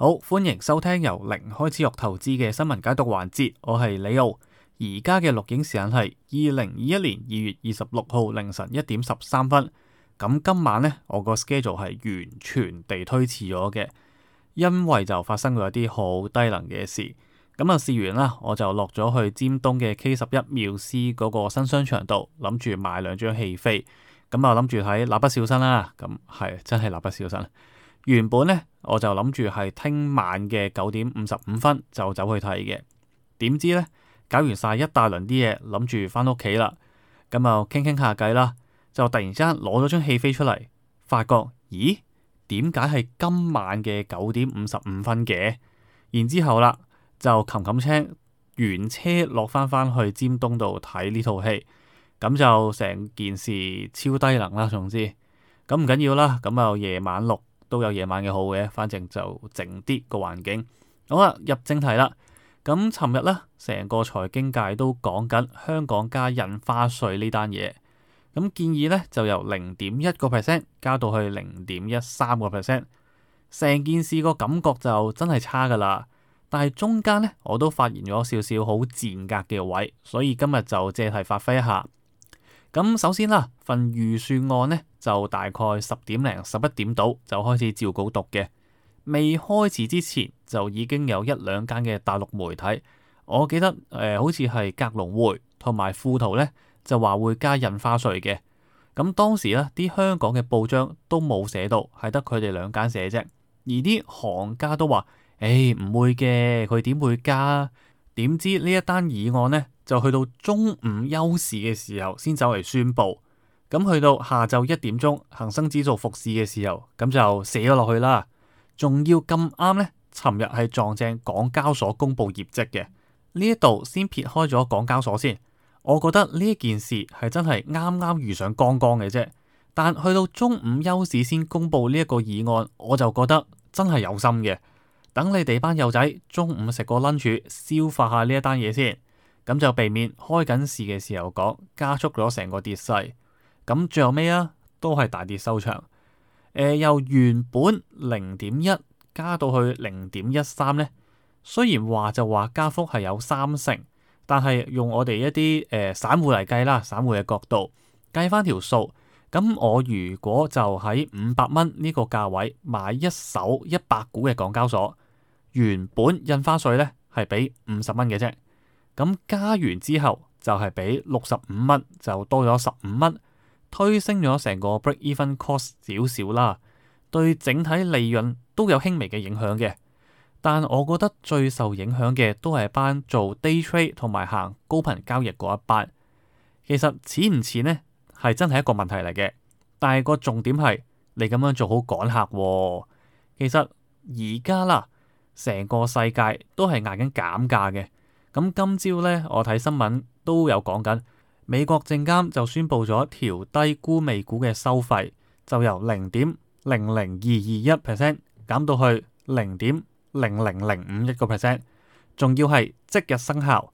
好，歡迎收聽由零開始學投資嘅新聞解讀環節，我係李奧。而家嘅錄影時間係二零二一年二月二十六號凌晨一點十三分。咁今晚呢，我個 schedule 係完全地推遲咗嘅，因為就發生咗一啲好低能嘅事。咁啊試完啦，我就落咗去尖東嘅 K 十一 MUSEA 嗰個新商場度，諗住買兩張戲飛。咁啊諗住睇《蠟筆小新》啦，咁係真係蠟筆小新。原本咧，我就諗住係聽晚嘅九點五十五分就走去睇嘅。點知咧，搞完晒一大輪啲嘢，諗住翻屋企啦，咁就傾傾下偈啦，就突然之間攞咗張戲飛出嚟，發覺咦，點解係今晚嘅九點五十五分嘅？然之後啦，就琴琴車完車落翻翻去尖東度睇呢套戲，咁就成件事超低能啦，總之咁唔緊要啦，咁就夜晚六。都有夜晚嘅好嘅，反正就靜啲個環境。好啦，入正題啦。咁尋日呢，成個財經界都講緊香港加印花稅呢單嘢。咁建議呢就由零點一個 percent 加到去零點一三個 percent。成件事個感覺就真係差㗎啦。但係中間呢，我都發現咗少少好賤格嘅位，所以今日就借題發揮一下。咁首先啦，份預算案咧就大概十點零十一點到就開始照稿讀嘅。未開始之前就已經有一兩間嘅大陸媒體，我記得誒、呃、好似係《格隆匯》同埋《富途》咧，就話會加印花稅嘅。咁當時咧啲香港嘅報章都冇寫到，係得佢哋兩間寫啫。而啲行家都話：誒、哎、唔會嘅，佢點會加？點知呢一單議案咧，就去到中午休市嘅時候先走嚟宣布，咁去到下晝一點鐘恒生指數復市嘅時候，咁就寫咗落去啦。仲要咁啱呢尋日係撞正港交所公布業績嘅呢一度先撇開咗港交所先，我覺得呢一件事係真係啱啱遇上剛剛嘅啫。但去到中午休市先公布呢一個議案，我就覺得真係有心嘅。等你哋班幼仔中午食個 lunch，消化下呢一單嘢先。咁就避免開緊市嘅時候講，加速咗成個跌勢。咁最後尾啊，都係大跌收場。誒、呃，由原本零點一加到去零點一三咧，雖然話就話加幅係有三成，但係用我哋一啲誒散戶嚟計啦，散戶嘅角度計返條數。咁我如果就喺五百蚊呢個價位買一手一百股嘅港交所，原本印花稅咧係俾五十蚊嘅啫。咁加完之後，就係、是、比六十五蚊就多咗十五蚊，推升咗成個 break even cost 少少啦，對整體利潤都有輕微嘅影響嘅。但我覺得最受影響嘅都係班做 day trade 同埋行高頻交易嗰一班。其實錢唔錢呢？係真係一個問題嚟嘅。但係個重點係你咁樣做好趕客喎、哦。其實而家啦，成個世界都係捱緊減價嘅。咁今朝咧，我睇新聞都有講緊，美國證監就宣布咗調低沽美股嘅收費，就由零點零零二二一 percent 減到去零點零零零五一個 percent，仲要係即日生效。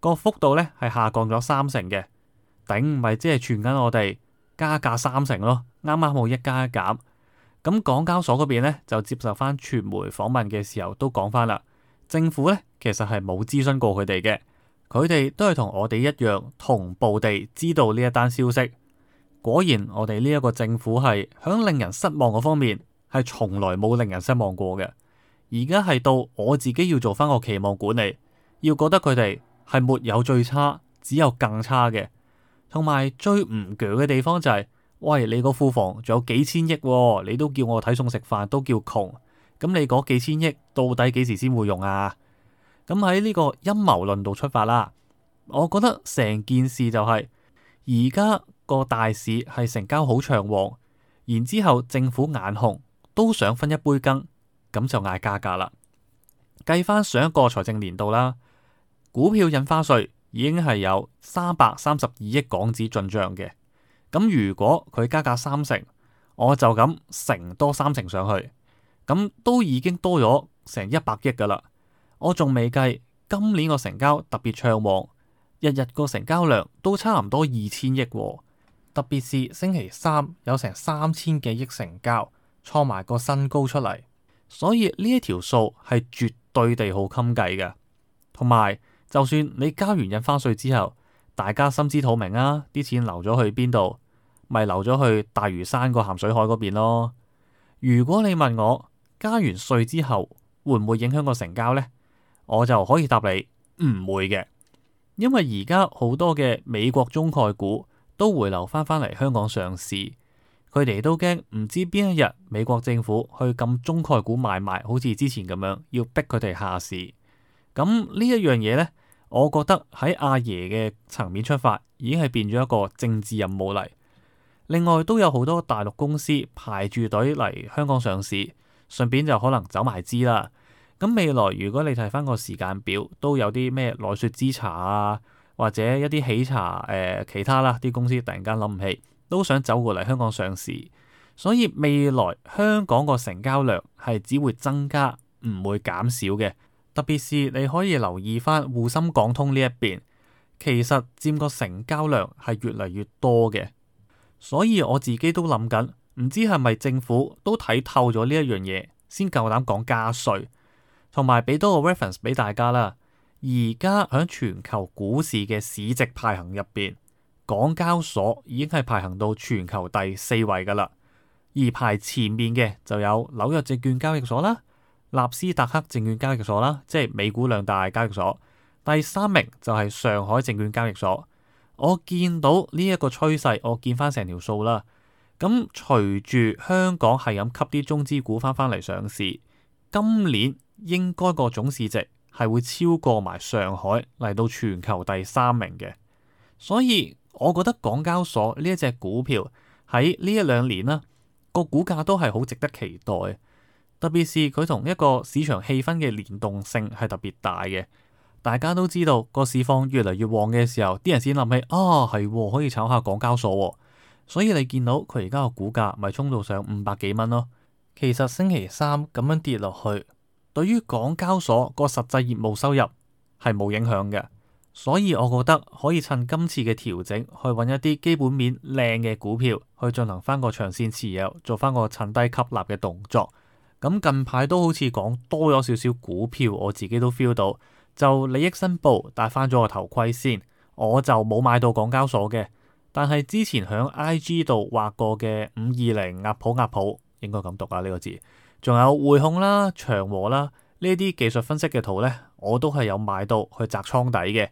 個幅度咧係下降咗三成嘅，頂唔係即係傳緊我哋加價三成咯，啱啱好一加一減。咁港交所嗰邊咧就接受翻傳媒訪問嘅時候都講翻啦，政府呢，其實係冇諮詢過佢哋嘅，佢哋都係同我哋一樣同步地知道呢一單消息。果然，我哋呢一個政府係響令人失望嘅方面係從來冇令人失望過嘅。而家係到我自己要做返個期望管理，要覺得佢哋係沒有最差，只有更差嘅。同埋最唔鋸嘅地方就係：喂，你個庫房仲有幾千億喎，你都叫我睇餸食飯，都叫窮。咁你嗰幾千億到底幾時先會用啊？咁喺呢個陰謀論度出發啦，我覺得成件事就係而家個大市係成交好暢旺，然之後政府眼紅都想分一杯羹，咁就嗌加價啦。計翻上一個財政年度啦，股票印花稅已經係有三百三十二億港紙進帳嘅。咁如果佢加價三成，我就咁乘多三成上去。咁都已經多咗成一百億噶啦，我仲未計今年個成交特別暢旺，日日個成交量都差唔多二千億，特別是星期三有成三千幾億成交，創埋個新高出嚟，所以呢一條數係絕對地好襟計嘅。同埋，就算你交完印花稅之後，大家心知肚明啊，啲錢流咗去邊度，咪流咗去大嶼山個鹹水海嗰邊咯。如果你問我，加完稅之後，會唔會影響個成交呢？我就可以答你唔會嘅，因為而家好多嘅美國中概股都回流翻返嚟香港上市，佢哋都驚唔知邊一日美國政府去禁中概股買賣，好似之前咁樣要逼佢哋下市。咁呢一樣嘢呢，我覺得喺阿爺嘅層面出發，已經係變咗一個政治任務嚟。另外都有好多大陸公司排住隊嚟香港上市。順便就可能走埋支啦。咁未來如果你睇翻個時間表，都有啲咩奈雪之茶啊，或者一啲喜茶誒、呃、其他啦，啲公司突然間諗唔起，都想走過嚟香港上市。所以未來香港個成交量係只會增加，唔會減少嘅。特別是你可以留意翻滬深港通呢一邊，其實佔個成交量係越嚟越多嘅。所以我自己都諗緊。唔知係咪政府都睇透咗呢一樣嘢，先夠膽講加稅，同埋俾多個 reference 俾大家啦。而家喺全球股市嘅市值排行入邊，港交所已經係排行到全球第四位噶啦。而排前面嘅就有紐約證券交易所啦、納斯達克證券交易所啦，即係美股兩大交易所。第三名就係上海證券交易所。我見到呢一個趨勢，我見翻成條數啦。咁隨住香港係咁吸啲中資股翻返嚟上市，今年應該個總市值係會超過埋上海嚟到全球第三名嘅。所以我覺得港交所呢一隻股票喺呢一兩年啦，個股價都係好值得期待，特別是佢同一個市場氣氛嘅連動性係特別大嘅。大家都知道個市況越嚟越旺嘅時候，啲人先諗起啊，係可以炒下港交所喎。所以你見到佢而家個股價咪衝到上五百幾蚊咯？其實星期三咁樣跌落去，對於港交所個實際業務收入係冇影響嘅。所以我覺得可以趁今次嘅調整去揾一啲基本面靚嘅股票去進行翻個長線持有，做翻個趁低吸納嘅動作。咁近排都好似講多咗少少股票，我自己都 feel 到。就利益申報戴翻咗個頭盔先，我就冇買到港交所嘅。但係之前喺 I G 度畫過嘅五二零壓普壓普，應該咁讀啊呢個字。仲有匯控啦、長和啦呢啲技術分析嘅圖呢，我都係有買到去砸倉底嘅。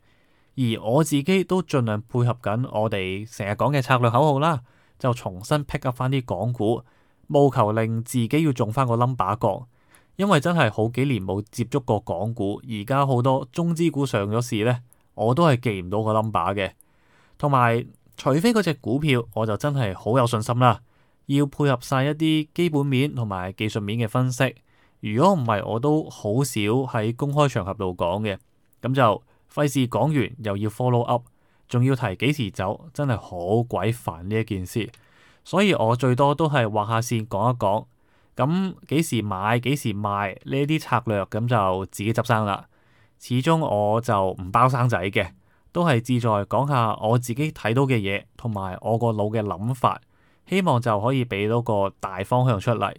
而我自己都盡量配合緊我哋成日講嘅策略口號啦，就重新 pick up 翻啲港股，務求令自己要中翻個 number 角，因為真係好幾年冇接觸過港股，而家好多中資股上咗市呢，我都係記唔到個 number 嘅，同埋。除非嗰隻股票，我就真係好有信心啦。要配合晒一啲基本面同埋技術面嘅分析。如果唔係，我都好少喺公開場合度講嘅。咁就費事講完又要 follow up，仲要提幾時走，真係好鬼煩呢一件事。所以我最多都係畫下線講一講。咁幾時買幾時賣呢啲策略，咁就自己執生啦。始終我就唔包生仔嘅。都係志在講下我自己睇到嘅嘢，同埋我個腦嘅諗法，希望就可以俾到個大方向出嚟。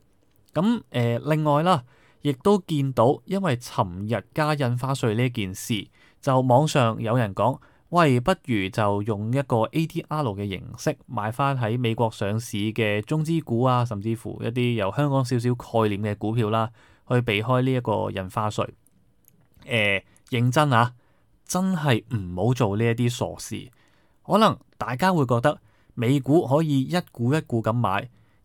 咁、嗯、誒、呃，另外啦，亦都見到因為尋日加印花稅呢件事，就網上有人講，喂，不如就用一個 ADR 嘅形式買翻喺美國上市嘅中資股啊，甚至乎一啲由香港少少概念嘅股票啦，去避開呢一個印花稅。誒、呃，認真啊！真係唔好做呢一啲傻事。可能大家會覺得美股可以一股一股咁買，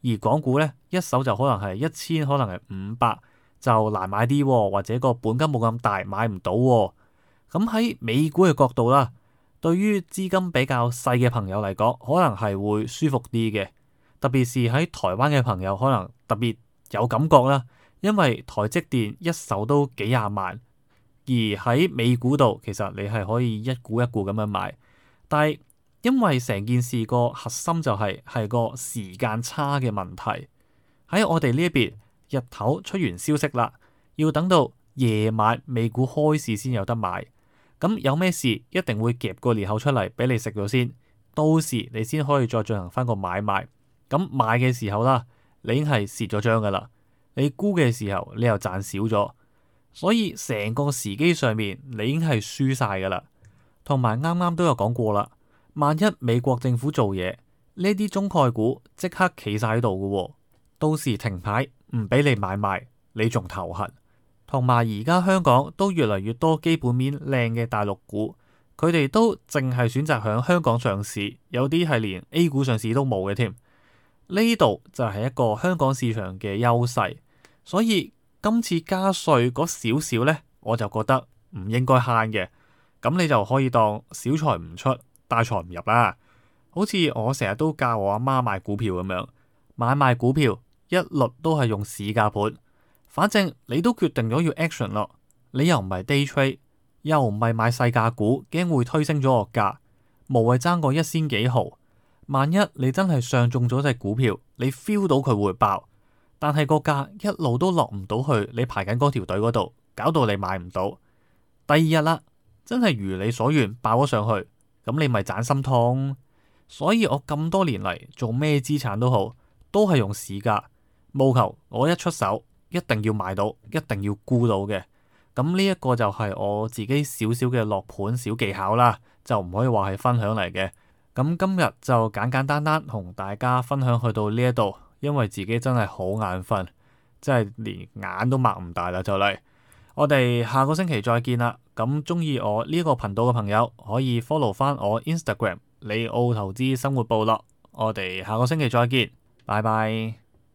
而港股呢，一手就可能係一千，可能係五百就難買啲喎，或者個本金冇咁大買唔到喎。咁喺美股嘅角度啦，對於資金比較細嘅朋友嚟講，可能係會舒服啲嘅。特別是喺台灣嘅朋友，可能特別有感覺啦，因為台積電一手都幾廿萬。而喺美股度，其實你係可以一股一股咁樣買，但係因為成件事個核心就係、是、係個時間差嘅問題。喺我哋呢一邊，日頭出完消息啦，要等到夜晚美股開市先有得買。咁有咩事一定會夾個裂口出嚟俾你食咗先，到時你先可以再進行翻個買賣。咁買嘅時候啦，你已經係蝕咗張噶啦。你估嘅時候，你又賺少咗。所以成個時機上面，你已經係輸晒噶啦。同埋啱啱都有講過啦，萬一美國政府做嘢，呢啲中概股即刻企晒喺度噶，到時停牌唔俾你買賣，你仲頭痕。同埋而家香港都越嚟越多基本面靚嘅大陸股，佢哋都淨係選擇喺香港上市，有啲係連 A 股上市都冇嘅添。呢度就係一個香港市場嘅優勢，所以。今次加稅嗰少少呢，我就覺得唔應該慳嘅。咁你就可以當小財唔出，大財唔入啦。好似我成日都教我阿媽買股票咁樣，買賣股票一律都係用市價盤。反正你都決定咗要 action 啦，你又唔係 day trade，又唔係買細價股，驚會推升咗個價，無謂爭個一仙幾毫。萬一你真係上中咗隻股票，你 feel 到佢會爆。但係個價一路都落唔到去，你排緊嗰條隊嗰度，搞到你買唔到。第二日啦，真係如你所願爆咗上去，咁你咪盞心痛。所以我咁多年嚟，做咩資產都好，都係用市價，務求我一出手一定要買到，一定要沽到嘅。咁呢一個就係我自己少少嘅落盤小技巧啦，就唔可以話係分享嚟嘅。咁今日就簡簡單單同大家分享去到呢一度。因為自己真係好眼瞓，真係連眼都擘唔大啦。就嚟、是，我哋下個星期再見啦。咁鍾意我呢一個頻道嘅朋友可以 follow 翻我 Instagram 李奧投資生活部落。我哋下個星期再見，拜拜。